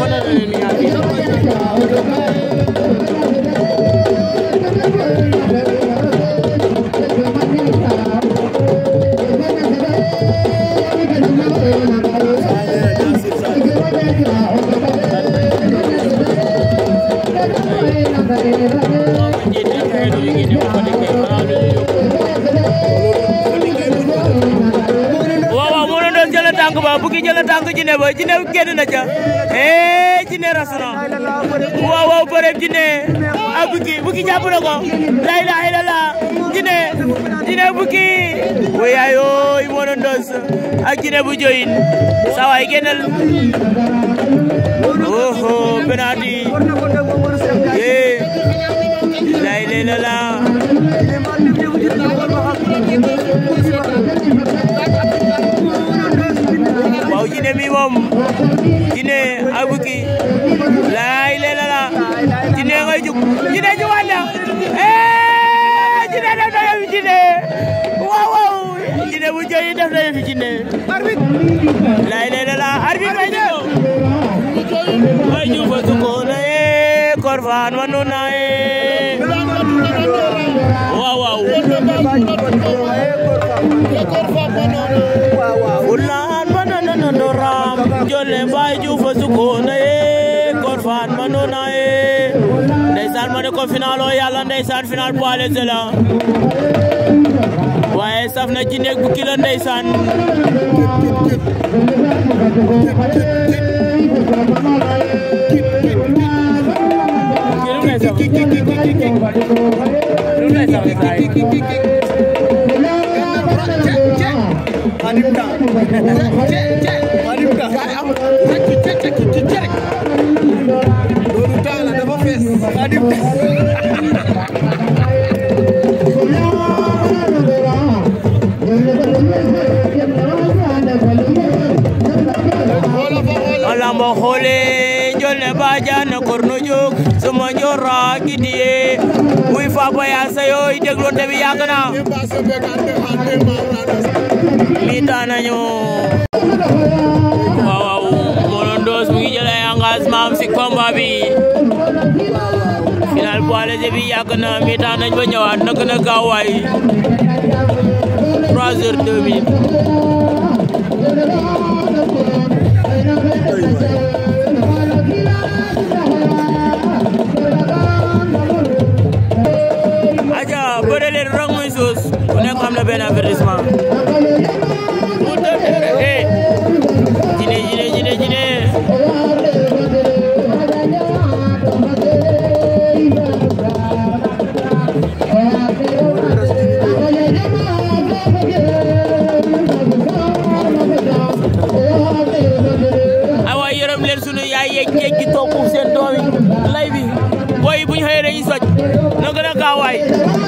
fana mi a waaw Bouki jël na tànk Djiné ba Djiné génn na ca eh Djiné ras na waaw waaw bëreem Djiné ak ah, Bouki Bouki jàpp na ko la ah, bu joyin sa waay génnal oho mi moom Djiné Aboki laay leela la Djiné ngay jug Djiné jugaat na ee eh, Djiné def na yëfi Djiné waaw waaw Djiné bu jëy def na yëfi Djiné laay leela la arbitre may ñëw may ñëw fa sukkoona ee korfaan wa noona ee waaw waaw koona yee Kor Faan ma noona yee ndeysaan ma ne ko final oo yàlla ndeysaan final poids léger la waaye saf na ci bu kilo ndeysaan Hanimda Doudou Talla dafa fees Khadim alambo xoole jolne bajane korno jog suma jora kidiye muy faba ya sayo i deglonte bi yàgg na mi danañu combat bi final poids léger bi yàgg na mi-temps nañ ba ñëwaat na gën a gaaw waay 3 aja bëre leen rong muy suus ku nekk am na benn avertissement wi lay bi booy bu ñu xëyee dañuy soj na gën a gaaw